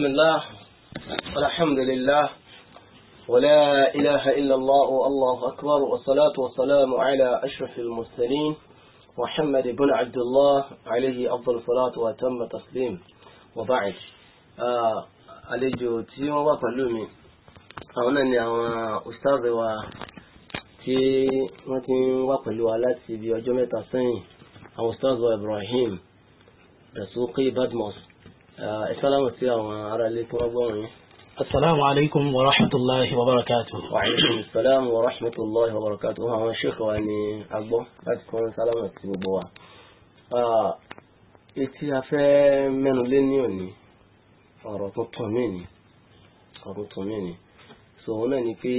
بسم الله والحمد لله ولا إله إلا الله والله أكبر والصلاة والسلام على أشرف المرسلين محمد بن عبد الله عليه أفضل الصلاة وأتم تسليم وبعد آه، أليجو tí wọ́n أولا يا أستاذ و تي ni àwọn على wa tí wọ́n ti ń أستاذ pẹ̀lú wa pelu ìsàlámù sí àwọn ará ilé tí wọ́n gbọ́ràn yín. asalaamu alaykum wa rahmatulahi wa barakatu. wa alaykum salaam wa rahmatulahi wa barakatu. àwọn sheikh wa ni a gbọ́ láti kọ́ sálámù sí gbogbo wa. etí a fẹ́ mẹ́nu lé ní òní ọ̀rọ̀ tuntun mí ni ọ̀rọ̀ tuntun mí ni so òun náà ni pé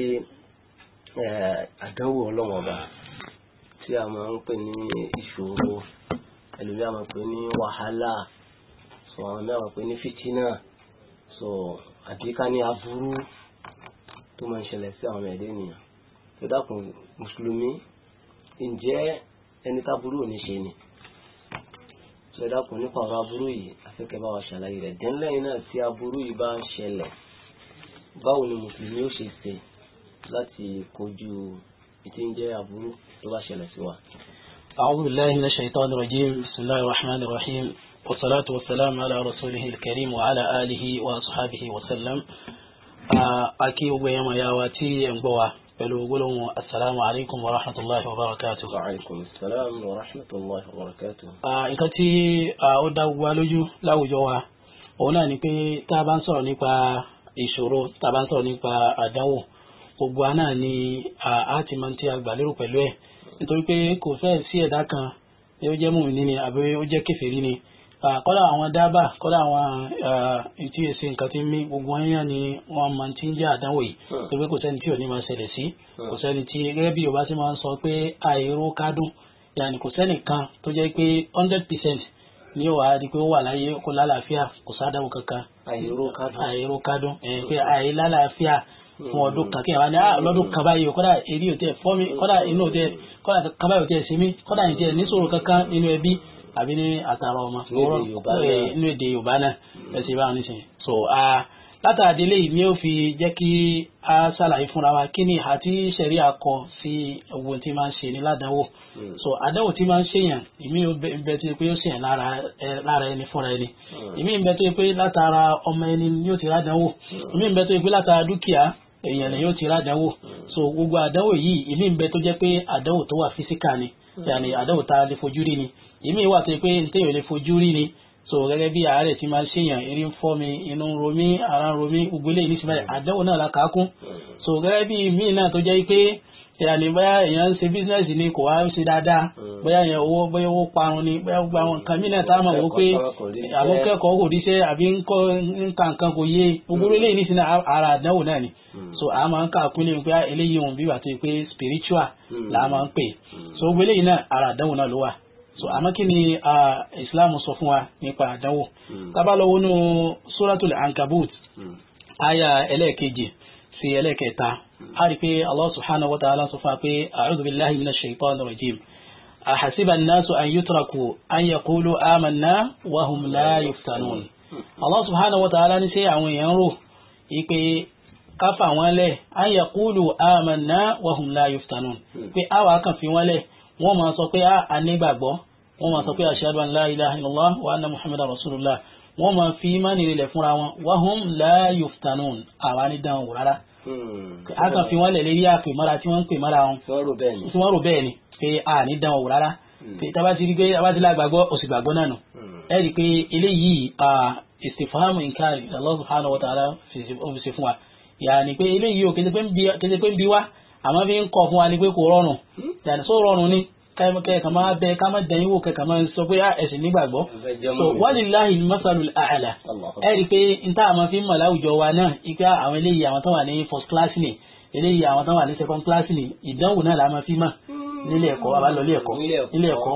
àdánwò ọlọ́wọ́n tí a máa ń pè ní ìṣòro ẹlòmíràn máa pè ní wàhálà so àwọn náà wọ́n ní fìtínà so àbí ká ní aburú tó máa ń ṣẹlẹ̀ sí àwọn ẹ̀dẹ́ ènìyàn tó dákun mùsùlùmí ǹjẹ́ ẹni táburú ò ní ṣe ni tó dákun nípa ọ̀rọ̀ aburú yìí afẹ́kẹ́ bá wa ṣàlàyé rẹ̀ dẹ́nlẹ́yìn náà tí aburú yìí bá ń ṣẹlẹ̀ báwo ni mùsùlùmí ó ṣe ṣe láti kojú ìtí ń jẹ́ aburú tó bá ṣẹlẹ̀ sí wa. أعوذ بالله من الشيطان الرجيم بسم الله الرحمن الرحيم والصلاة والسلام على رسوله الكريم وعلى آله وصحبه وسلم أكي ويما ياواتي ينبوا بلوغلهم السلام عليكم ورحمة الله وبركاته وعليكم السلام ورحمة الله وبركاته إكتي أودا والجو لا وجوا ọ̀nà ni pé tá a bá ń sọ̀rọ̀ nípa أداو tá ني آتي ń sọ̀rọ̀ nípa àdánwò gbogbo àná ni a يوجي máa ń tí a gbà kọ́lá àwọn dábà kọ́lá àwọn tí èsì nǹkan ti mí gbogbo ẹ̀yàn ni wọ́n máa ti ń jẹ́ àdánwò yìí hmm. tó pé kò sẹ́ni tí ò ní máa ṣẹlẹ̀ sí hmm. kò sẹ́ni tí gẹ́gẹ́ bí ti máa ń sọ pé àìró kádùn yàní kò sẹ́ni kan tó jẹ́ pé hundred percent ni yóò wá di pé ó wà láyé kó lálàáfíà kò sádàwò kankan àìró kádùn hmm. pé àìlálàáfíà fún ọdún kan kí ẹ wá ní ah, lọ́dún kan báyìí o kọ́dà èrí ò tẹ̀ fọ́ mi kọ́dà inú ò tẹ̀ kọ́dà kan báyìí ò tẹ̀ sí mi kọ́dà ìtẹ̀ níṣòro kankan nínú ẹbí àbí ní àtàrà ọmọ nínú èdè yorùbá náà ẹsẹ̀ ìbáwọn nísìnyí so látàdé lè ní ó fi jẹ́ kí a ṣàlàyé fúnra wa kí ni àti ṣẹ̀rí akọ sí owó tí máa ń ṣe ní ládánwò hmm. so àdánwò tí máa ń ṣèyàn ìmí ìbẹ̀ tó yẹ pé ó ṣèyàn lára ẹni fúnra ẹni hmm. ìmí ìbẹ̀ tó yẹ pé látara ọmọ ẹni ni ó ti rádánwò hmm. ìmí ìbẹ̀ tó yẹ pé látara dúkìá èèyàn lè yóò ti rádánwò so gbogbo àdánwò yìí ìmí ìbẹ̀ tó jẹ́ pé àdánwò tó wà físíkà ni yàní àdánwò tá a lè fojú rí ni ìmí wà tó pé téèyàn lè fojú rí ni so gẹ́gẹ́ bí àárẹ̀ ti máa ń ṣèyàn eré ń fọ́ mi inú ń ro ara ń ro mí gbogbo eléyìí àdánwò náà la kà á kún so gẹ́gẹ́ bí míì náà tó jẹ́ pé ìyàní bóyá èèyàn ń ṣe bísíǹsì ni kò wá ń ṣe dáadáa bóyá èèyàn owó bóyá owó parun ni bóyá gbogbo àwọn nǹkan mìíràn tá a mọ̀ wó pé àwọn kẹ́kọ̀ọ́ kò díṣẹ́ àbí nǹkan nǹkan kò yé gbogbo eléyìí ní sinmi ara àdánwò náà ni so a máa ń kà kún lè pé eléyìí òun bí wàá tó yẹ pé spiritual la máa ń pè so gbogbo eléyìí náà ara àdánwò náà ló wà so àmọ́ kí ni islam sọ fún wa nípa àdánwò hmm. tábà wọnú suratul ankabut aya hmm. ẹlẹ́ẹ̀kejì sí ẹlẹ́ẹ̀kẹta hmm. a rí pé allah subhanahu wa ta'ala sọ fún wa pé a'udhu billahi minash shaitanir rajim ahasiba an-nasu an yutraku an yaqulu amanna wa hum la yuftanun allah subhanahu wa ta'ala ní sí àwọn èèyàn rò ipe káfà wọn lẹ̀ an yaqulu amanna wa hum la yuftanun pé àwa kan fi wọn lẹ̀ wọ́n máa sọ pé ah, a nígbàgbọ́ wọ́n máa sọ pé ashhadu an la ilaha illallah wa anna muhammadar rasulullah wọ́n máa fi ìmánì rẹ̀ fúnra wọn wa hum la yuftanun àwa ní dáhùn wò rárá. Hmm. a kàn fi wọ́n lẹ̀ lérí àpè mọ́ra tí wọ́n ń pè mọ́ra wọn tí wọ́n rò bẹ́ẹ̀ ni pé a ní dáhùn wò rárá hmm. tàbá ti rí pé abá ti lágbàgbọ́ òsì gbàgbọ́ náà nù hmm. ẹ rí i pé eléyìí ìsìfàmù nǹkan Allah subhanahu wa ta'ala fèsì fún wa yàní pé eléyìí ò kété pé ń bi wá àmọ́ fi ń kọ̀ fún wa ni pé kò rọrùn yàní só rọrùn ni kẹ́ kama máa bẹ kama máa dẹ̀yìn wò kẹ́ sọ pé ah, ẹ̀sìn nígbàgbọ́ so walillahi masalul a'la ẹ rí i pé n tá àwọn fi ń mọ̀ láwùjọ wa náà ike àwọn eléyìí àwọn tó wà ní first class ni eléyìí àwọn tó wà ní second class ni ìdánwò náà la máa fi mọ̀ nílé ẹ̀kọ́ abalọ ilé ẹ̀kọ́ ilé ẹ̀kọ́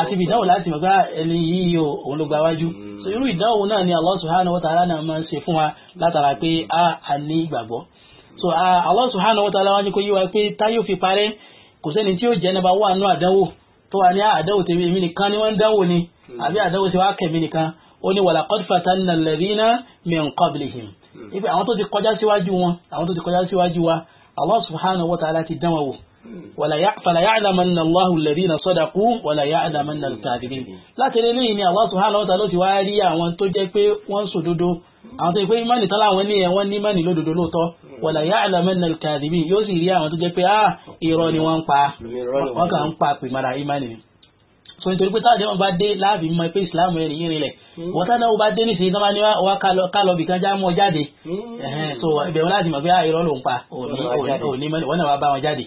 àti ìdánwò láti mọ̀ pé ah, ẹni yìí o òun ló gba wájú mm. so irú ìdánwò náà ni Allah subhanahu wa ta'ala náà máa ń ṣe fún wa látara pé ah, a ní ìgbàgbọ́ so Allah subhanahu wa ta'ala wá ní kó yí wa pé táyọ̀ fi parẹ́ kò sẹ́ni tí ó jẹ́ nàbà wà nù àdánwò tó wà ní ah, àdánwò tèmi èmi nìkan ni wọ́n ń dánwò ni hmm. àbí àdánwò tí wàá kẹ̀mí nìkan ó ní walaqad fatanna alladhina min qablihim hmm. ibi àwọn tó ti kọjá síwájú wọn àwọn tó ti kọjá síwájú wa Allah subhanahu wa ta'ala ti dánwò fàlà yàdà mọ́nà Allahu alladhina sadaqu wàlà wala ya al-kadhibin láti rí niile ni Allah subhanahu wa ta'ala ló ti wá rí àwọn tó jẹ́ pé wọ́n sòdodo àwọn tó pé ìmánì tán láwọn ní ẹ̀wọ́n ní ìmánì lódodo lóòótọ́ wàlà yàdà mọ́nà al-kadhibin yóò a rí ah, pa pa so nítorí pé táwọn dé láàbì mọ hmm. táwọn dé bìkan já hmm. so láti mọ̀ pé ah, ló ń pa òní náà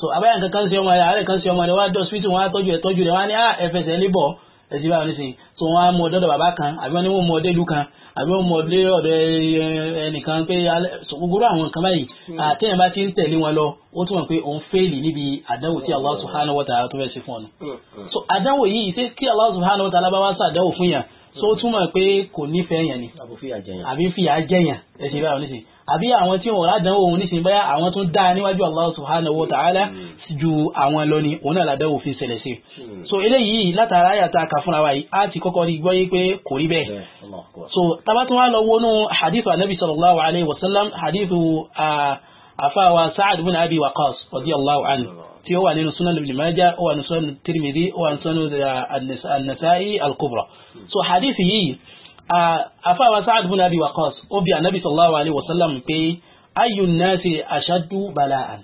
so abáyà nǹkan kan sí ọmọ rẹ̀ àárẹ̀ kan sí ọmọ rẹ̀ wá dọ̀ síbítù wọn á tọ́jú ẹ̀ tọ́jú rẹ̀ wá ní ah, ẹfẹsẹ̀ lébọ̀ ẹtì báwọn nísìnyí so wọn á mú ọdọ́dọ̀ bàbá kan àbí wọn ní wọn mú ọdẹ ìlú kan àbí wọn mú ọdẹ ọ̀dọ̀ ẹnìkan pé gbogbo àwọn nǹkan báyìí àtẹ̀yìn bá ti ń tẹ̀lé wọn lọ ó túmọ̀ pé òun fẹ́ẹ̀lì níbi àdánwò tí Allah subhanahu wa ta'ala tó fẹ́ ṣe fún ọ̀nà mm, mm. so àdánwò yìí ṣé kí Allah subhanahu wa ta'ala bá wá sàdánwò fún yàn so ó túmọ̀ pé kò nífẹ̀ẹ́ yàn ni àbí fìyà jẹyàn ẹtì báwọn àbí àwọn tí wọn ládánwò òun nísìnyí báyà àwọn tó dáa níwájú Allah subhanahu wa ta'ala hmm. ju àwọn lọ òun náà ládánwò fi ṣẹlẹ̀ sí. Hmm. so eléyìí látara àyàtà kà fúnra wa yìí á ti kọ́kọ́ rí gbọ́ yé pé kò rí bẹ́ẹ̀. so tabatun wa lọ wọnú hadithu anabi sallallahu alayhi wa sallam hadithu àfàwà sa'ad bin abi waqas radiyallahu anhu tí ó wà nínú sunan ibn majah ó wà nínú sunan tirmidhi ó wà nínú sunan an al-kubra hmm. so hadith yìí àfáwà Sa'ad ibn Abi Waqqas ó bi ànábì sallallahu alaihi wasallam pé ayyu nasi ashaddu bala'an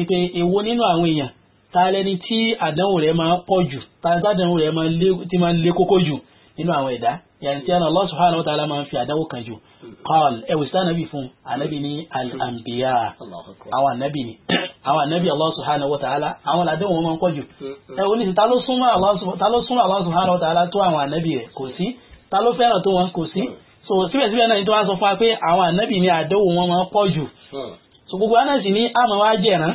ìpè èwo nínú àwọn èèyàn ta lẹni tí àdánwò rẹ̀ máa pọ̀ jù ta sádánwò rẹ̀ ti máa lé kókó jù nínú àwọn ẹ̀dá yàrá tí Allah subhanahu wa ta'ala máa fi àdánwò kan jù qal ẹ̀wù sí ànábì fún ànábì ní al-anbiya àwọn ànábì ni àwọn ànábì Allah subhanahu wa ta'ala àwọn làdánwò wọn máa ń pọ̀ jù ẹ̀wù ní ti ta ló súnmọ́ Allah subhanahu wa ta'ala tó àwọn ànábì rẹ̀ kò sí ta ló fẹ́ràn tó wọn kò sí hmm. so síbẹ̀síbẹ̀ náà ni tó wá sọ fún wa pé àwọn ànábì ni àdánwò wọn máa ń pọ̀ jù hmm. so gbogbo wa náà sì ní àmọ́ wa jẹ̀rán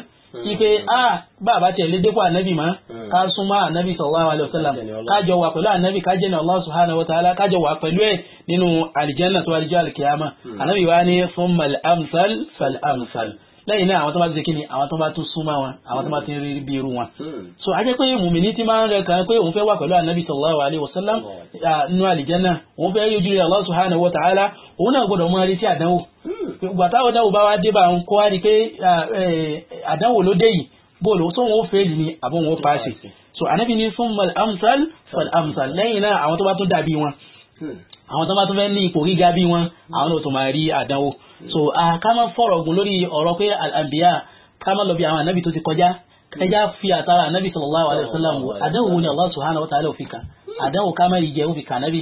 ipe hmm. ah, a bàbá tiẹ̀ lé dépò ànábì mọ́ ká súnmọ́ ànábì sallallahu alaihi wasallam kájọ wà pẹ̀lú ànábì kájẹ́ ní Allah subhanahu wa ta'ala kájọ wà pẹ̀lú ẹ̀ nínú àlìjẹ́nà tó wà lójú àlìkìyàmà ànábì wa ní fún mal amsal fal amsal lẹ́yìn náà àwọn tó bá ti ṣe kí ni àwọn tó bá tún súnmọ́ wọn àwọn tó bá ti rí bí irú wọn. Hmm. so a jẹ́ pé mùmíní ti máa ń rẹ kàn pé òun fẹ́ wà pẹ̀lú anabi sallallahu alayhi wa sallam hmm. nínú àlìjẹ́nà òun fẹ́ yójú rẹ̀ Allah subhanahu wa ta'ala òun náà gbọ́dọ̀ mọ arí sí àdánwò. Hmm. ìgbà táwọn àdánwò bá wá dé bá òun kó wá rí pé àdánwò ló dé yìí bóòlù tó wọ́n fẹ́ ní àbọ̀ wọn pàṣẹ. so anabi ní fún amsal fal amsal lẹ́yìn náà àwọn tó àwọn tó bá tún fẹ́ ní ipò gíga bí wọn àwọn náà tó máa rí àdánwò so ká má fọ̀rọ̀ gùn lórí ọ̀rọ̀ pé àbíyá ká má lọ bí àwọn ànábì tó ti kọjá ẹjá fi àtàrà ànábì sallallahu alaihi wasallam àdánwò wo ni Allah subhanahu wa ta'ala òfin kan àdánwò ká má rí jẹ òfin kan nábì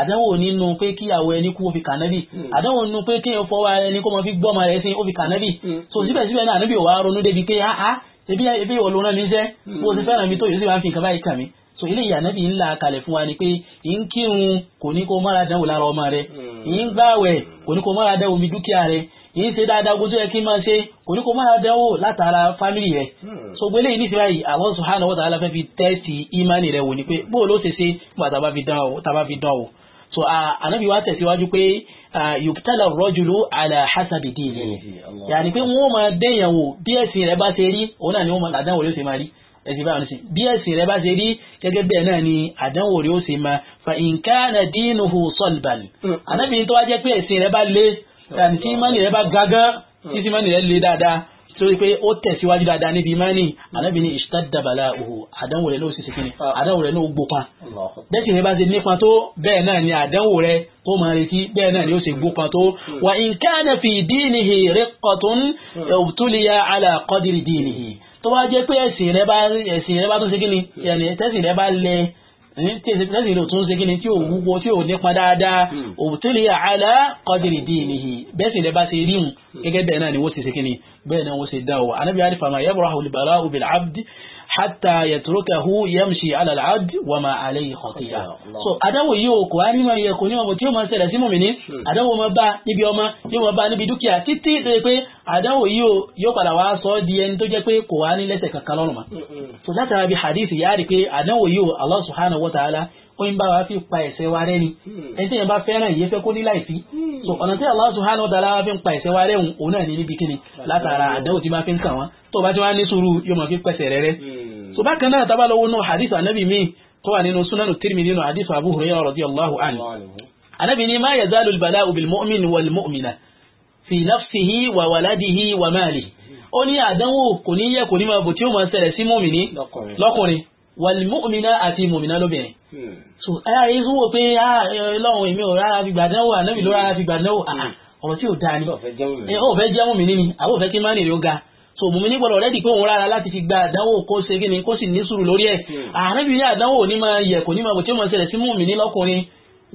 àdánwò nínú pé kí àwọ ẹni kú òfin kan nábì àdánwò nínú pé kí èèyàn fọwọ́ ẹni kó mọ fi gbọ́ ọmọ rẹ̀ sí so síbẹ̀síbẹ̀ náà ànábì ò wá ronú débi pé ah, ah ebi ìwọ lóun náà mi jẹ́ bó o ti fẹ́ràn so ilé ìyá nẹ́bí ńlá kalẹ̀ fún wa ni pé ń kírun kò ní kó mára dánwò lára ọmọ rẹ ń hmm. gbàwẹ̀ kò ní kó mára dánwò mi dúkìá rẹ ń ṣe dáadáa ogun tó yẹ kí n máa ṣe kò ní kó mára dánwò látara fámìlì rẹ hmm. so gbélé yìí níṣẹ́ báyìí Allah subhanahu wa ta'ala fẹ́ fi tẹ́sì ìmánì rẹ wò ni pé bóò ló ṣe ṣe nígbà tá a bá fi dán o so ànábì wa tẹ̀síwájú pé yùkítàlà rọ́jùlú àlàhásàbì dìní yàní pé wọ́n máa dẹ́yàn bí ẹ̀sìn rẹ bá ṣe rí òun náà ni wọ́n máa làdánwò ló ṣe máa rí ẹ̀sìn báwọn sí bí ẹ̀sìn rẹ bá ṣe rí gẹ́gẹ́ bẹ́ẹ̀ náà ni àdánwò rí ó ṣe máa fa nǹkan dínuhu sọlban hmm. ànábì tó wá jẹ́ pé ẹ̀sìn rẹ bá le tí mọ́nì rẹ bá gágán hmm. tí sí mọ́nì rẹ le dáadáa tó rí pé ó tẹ̀síwájú dáadáa níbi mọ́nì ànábì ní ìṣítàdàbàlà òhù àdánwò rẹ ló ṣe ṣèkìní ah. àdánwò rẹ ló gbópa bẹ́sìn rẹ bá ṣe nípa tó bẹ́ẹ̀ náà ni àdánwò rẹ tó máa retí bẹ́ẹ̀ náà ni ó ṣe gbópa tó hmm. wà nǹkan fi dínìhì rẹ́kọ̀tún òbútúlìyà alàkọ́dìrì dínìhì tó bá jẹ́ pé ẹ̀sìn rẹ bá ẹ̀sìn rẹ bá tún ṣe kí ni ẹ̀rìn tẹ́sìn rẹ bá lẹ tẹ́sìn rẹ tún ṣe kí ni tí ò wúwo tí ò nípa dáadáa hmm. òbútúlì àlá kọ́dìrì dì nìyí bẹ́sìn rẹ bá ṣe rí hùn hmm. gẹ́gẹ́ bẹ́ẹ̀ náà ni wọ́n ti ṣe kí ni bẹ́ẹ̀ náà wọ́n ṣe dá o anábìyàrí fama yẹ́bùrọ̀ àwòlùbàrà òbí hatta yatrukahu yamshi ala al-abd wa ma alayhi khatiya so adawo yìí ko ani ma ye ko ni mo tí ó ma ṣẹlẹ̀ sí mu'mini adawo hmm. ma ba níbi ọmọ yóò ma ba níbi dúkìá títí tó pé adawo yìí yóò padà wá sọ di ẹni tó jẹ́ pé kò wá ní lẹ́sẹ̀ kankan lọ́rùn ma hmm, hmm. so látara bí hadith ya rí pé adawo yìí allah subhanahu wa ta'ala ó ń bá wa fi pa ẹ̀ṣẹ̀ wa rẹ́ ni ẹni tí yẹn bá fẹ́ràn yìí fẹ́ kó ní láìsí so ọ̀nà tí Allah subhanahu wa ta'ala fi ń pa ẹ̀ṣẹ̀ wa rẹ́ òun náà ní níbi kíni látara àdánwò tí máa fi ń kàn wọ́n tó bá ti wá ní sùúrù yóò máa fi pẹ̀sẹ̀ rẹ́rẹ́ so bákan náà tá bá lọ wọnú hadith anabi mi tó wà nínú sunanu tirmidhi nínú hadith abu hurairah radiyallahu anhu anabi ni ma yazalu albala'u bil mu'min wal mu'mina fi nafsihi wa waladihi wa malihi ó ní àdánwò kò ní yẹ kò ní máa bò tí ó máa ṣẹlẹ̀ sí mùmìnì lọ́kùnrin wàlmùmìnà àti mùmìnà lóbìnrin hmm. so ara yìí tún wò pé lọ́wọ́ èmi ò rárá fi gbàdánwò ànábì ló rárá fi gbàdánwò hmm. ah, ah, ọ̀rọ̀ tí ò dáa ni ó jẹ́ mùmìnì ni àbò fẹ́ kí má nìyó ga so mùmí ní gbọ́dọ̀ rẹ́dì pé òun rárá láti fi gba àdánwò kó ṣe kí ni kó sì ní sùúrù lórí ẹ̀ hmm. àárín ní àdánwò ní máa yẹ kò ní máa bò tí ó máa ṣẹlẹ̀ sí mùmí ní lọ́kùnrin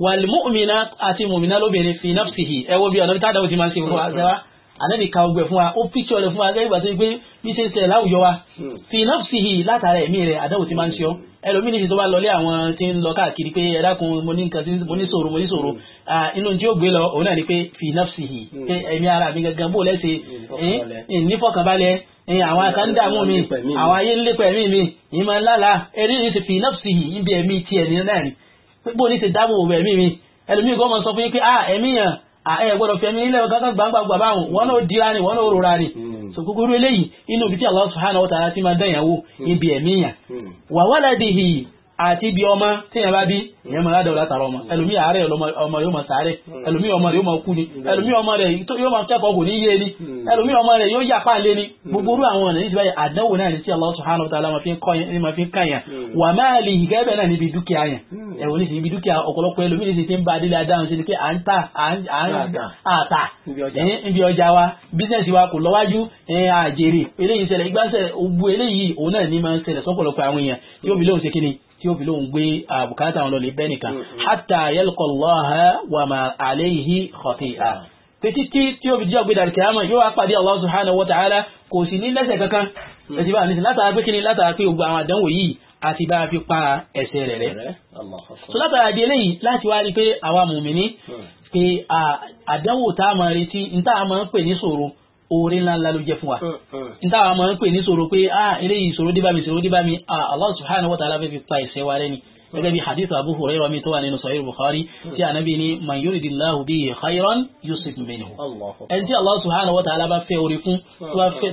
wàlmùmí àti mùmí lóbìnrin fi nafsihi ẹ wo bí ọ̀nà tí tádàwò ti máa ṣe wọ́n àgbà ànábì ka ogbẹ fún wa ó píkṣọ rẹ fún wa gẹ́gẹ́ ìgbà tó yẹ pé bí ṣe ń ṣẹlẹ̀ láwùjọ wa hmm. fi nafsihi látara ẹ̀mí rẹ̀ àdáwò tí máa ń ṣe ọ́ ẹlòmíì nìṣẹ́ tó bá lọlé àwọn tí ń lọ káàkiri pé ẹ dákun mo ní nǹkan mo ní ṣòro mo ní ṣòro inú tí ó gbé lọ òun náà ni pé fi nafsihi hmm. pé ẹ̀mí ara mi gangan bò lẹ́sẹ̀ hmm, nífọ̀kànbalẹ̀ àwọn akáńdàmú mi àwọn ayé ń lépa ẹ̀mí mi ìmọ̀ ńláńlá ẹ̀rí ni ti fi nafsihi ibi ẹ̀mí tiẹ̀ ní náà ni pé bó ní ti dáàbò mi ẹlòmíì ẹ ah, eh, gbọ́dọ̀ fi ẹ̀mí ilẹ̀ ọ̀gágán gbàǹgbàǹgbà báwọn wọn náà dira ni wọn náà rora ni hmm. so gbogbo eléyìí inú ibi tí Allah subhanahu wa ta'ala ti máa dán ìyàwó hmm. ibi àti bí ọmọ téèyàn bá bí ìyẹn máa ládàá látara ọmọ hmm. ẹlòmí àárẹ̀ ọmọ yóò máa sàárẹ̀ hmm. ẹlòmí ọmọ rẹ̀ yóò máa kú ni hmm. ẹlòmí ọmọ rẹ̀ yóò máa kẹ́kọ̀ọ́ kò ní yé ni ẹlòmí ọmọ rẹ̀ yóò yàpá lé ni gbogbo orú àwọn ọ̀nà níbàyà àdánwò náà ní tí Allah subhanahu wa ta'ala máa fi ń kàn yàn wà máa lè yìí gẹ́gẹ́ náà níbi dúkìá yàn ẹ̀wọ̀n ní ibi dúkìá ọ̀pọ̀lọpọ̀ ẹlòmí ní ti ń ba adílé adáhùn sí ni pé à ń tà àtà níbi ọjà wa bísíǹsì wa kò lọ́wájú àjèrè eléyìí ṣẹlẹ̀ igbáṣẹ̀ ogun eléyìí òun náà ní máa ń ṣẹlẹ̀ sọ́pọ̀lọpọ̀ àwọn èèyàn yóò fi lóun ṣe kí ni tí ó fi lóun gbé àbùkátà wọn lọlẹ bẹnìkan mm, mm. hatta yalqallaha wa ma alayhi khati'a títí tí tí ó fi jẹ́ ọ̀gbẹ́dà kìámà yóò wá pàdé Allah subhanahu wa ta'ala kò sí ní lẹ́sẹ̀ kankan mm. ẹ̀sìn bá nísìn látara pé kíni látara pé gbogbo àwọn àdánwò yìí àti bá a fi pa ẹsẹ̀ rẹ̀ rẹ̀ so látara di eléyìí láti wá rí pé àwa mùmíní pé àdánwò tá a máa retí ní tá a máa ń pè ní ṣòro oore ńlá ńlá ló jẹ́ fún wa níta àwọn ọmọ ń pè ní sọ̀rọ̀ pé ah eléyìí sọ̀rọ̀ dé bá mi sọ̀rọ̀ dé bá mi ah Allah subhanahu wa ta'ala fẹ́ fi pa ẹ̀ṣẹ̀ wa rẹ́ ni mm. gẹ́gẹ́ bí hadith abu hurairah mi tó wà nínú sahih bukhari mm. tí anabi ni man yuridillahu bihi khayran yusuf minhu ẹni tí allah subhanahu wa ta'ala bá fẹ́ orí fún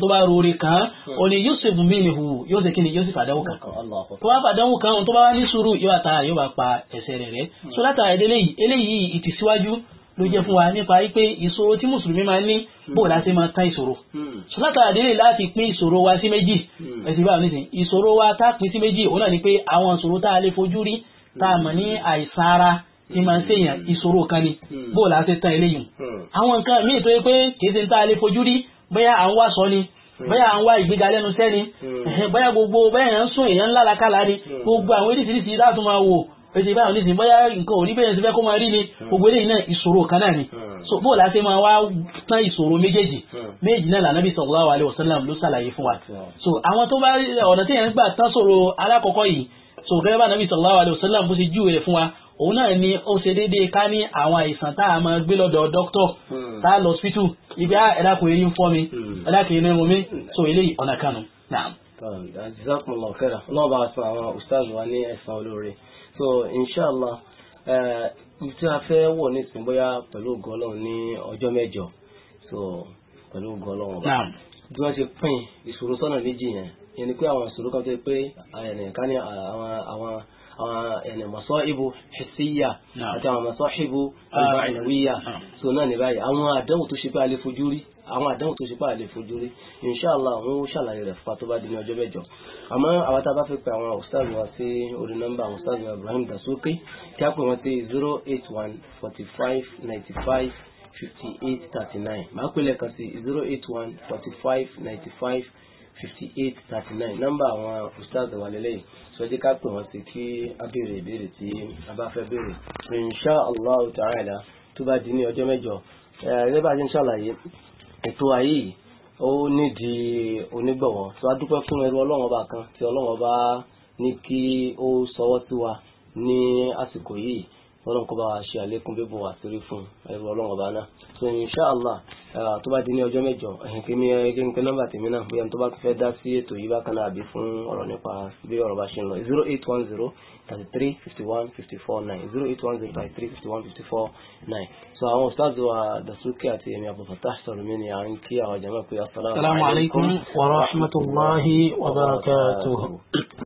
tó bá mm, rori kan ó ní yusuf minhu yóò ṣe kíni yóò sì kan tó bá fàdánwò kan tó bá wá ní sùúrù yóò bá ta yóò bá pa ẹ̀ṣẹ̀ rẹ̀ rẹ́ so látara eléyìí eléyìí ló jẹ́ fún wa nípa wípé ìṣòro tí mùsùlùmí máa ní bó la ṣe máa tán ìṣòro hmm. so látara délé láti pín ìṣòro wa sí méjì hmm. ẹ̀sìn báwo nísìn ìṣòro wa tá pín sí méjì òun náà ni pé àwọn ìṣòro tá a lè fojú rí tá a mọ̀ ní àìsàn ara máa ń ṣèyàn hmm. ìṣòro kan ni bó la ṣe tán eléyìí àwọn nǹkan míì tó yẹ pé kì í ṣe tá a lè fojú rí bóyá à ń wá sọ ni bóyá à ń wá ìgbéga lẹ́nu sẹ́ni bóyá gbogbo bóyá èèyàn ń sún èèyàn ńlá lakálá ni gbogbo àwọn oríṣiríṣi láti máa wò ó ṣe báyọ̀ nísìnyí bóyá nǹkan òní bẹ́ẹ̀ síbẹ̀ kó máa rí ni hmm. gbogbo eléyìí náà ìṣòro kan náà ni hmm. so bó la ṣe máa wá tán ìṣòro méjèèjì hmm. méjì náà lànà bí sallallahu alaihi wasallam ló ṣàlàyé fún wa so àwọn tó bá ọ̀nà tí yẹn ń gbà tán sọ̀rọ̀ alákọ̀ọ́kọ́ yìí so gẹ́gẹ́ bá nàbí sallallahu alaihi wasallam bó ṣe júwe rẹ̀ fún wa òun náà ni ó ṣe déédéé ká ní àwọn àìsàn tá a máa gbé lọ́dọ̀ dókítọ̀ tá a lọ sípítù ibi á ah, ẹ̀dàkùn erin fọ́ mi ẹ̀dàkùn erin rún mi so eléyìí ọ̀nà kanu. jazakumullahu khairan ọlọ́ọ̀bá sọ àwọn ustaz wa ní ẹ̀sán olóore so inshallah ibi eh, tí a fẹ́ wọ̀ nísìnyí bóyá pẹ̀lú ògo Ọlọ́run ní ọjọ́ mẹ́jọ so pẹ̀lú ògo Ọlọ́run ọba bí wọ́n ṣe pín ìṣòro sọ́nà méjì yẹn yẹn ni pé àwọn ìṣòro kan tó yẹ pé eh, ẹnìkan ní eh, àwọn àwọn àwọn ẹni masọ́ìbò ṣẹ̀síyà àti àwọn masọ́ìbò ìbáìlúwíyà ah, so náà ní báyìí àwọn àdánwò tó ṣe pé a lè fojú rí àwọn àdánwò tó ṣe pé a lè fojú rí inṣàlá àwọn ó ṣàlàyé rẹ̀ fún wa tó bá di ní ọjọ́ mẹ́jọ àmọ́ àwọn tá a bá fẹ́ pe àwọn ustaz wa sí orí nọ́mbà àwọn ustaz wa Ibrahim Dasuki kí a pè wọ́n sí zero eight one forty five ninety five fifty eight thirty nine màá pè lẹ́ẹ̀kan sí zero eight one forty five ninety five fifty eight thirty nine nọ́mbà àwọn ustaz wa lélẹ́yìí sọjí ká pè wọ́n sí kí a béèrè ìbéèrè tí a bá fẹ́ béèrè insha Allah ta'ala tó bá di ní ọjọ́ mẹ́jọ ẹ̀ẹ́dẹ́gbàjẹ́ ń ṣàlàyé ètò ayé yìí ó nídìí onígbọ̀wọ́ tó a dúpẹ́ fún ẹrú ọlọ́run ọba kan tí ọlọ́run ọba ní kí ó sọwọ́ sí wa ní àsìkò yìí ọlọ́run kó bá wa ṣe àlékún bíbọ̀ àṣírí fún ẹrú ọlọ́run ọba náà so inshallah tó bá di ní ọjọ́ mẹ́jọ kí ni nọ́mbà tèmi náà bóyá tó bá fẹ́ dá sí ètò yìí bákan náà àbí fún ọ̀rọ̀ nípa bí ọ̀rọ̀ bá ṣe ń lọ zero eight one zero thirty three fifty one fifty four nine zero eight one zero thirty three fifty one fifty four nine so àwọn ustaz wa dasuki àti èmi àbùfàtà sọ̀rọ̀ mi ni à ń kí àwọn jàmá pé asalaamu wa rahmatulahi wa barakatuhu.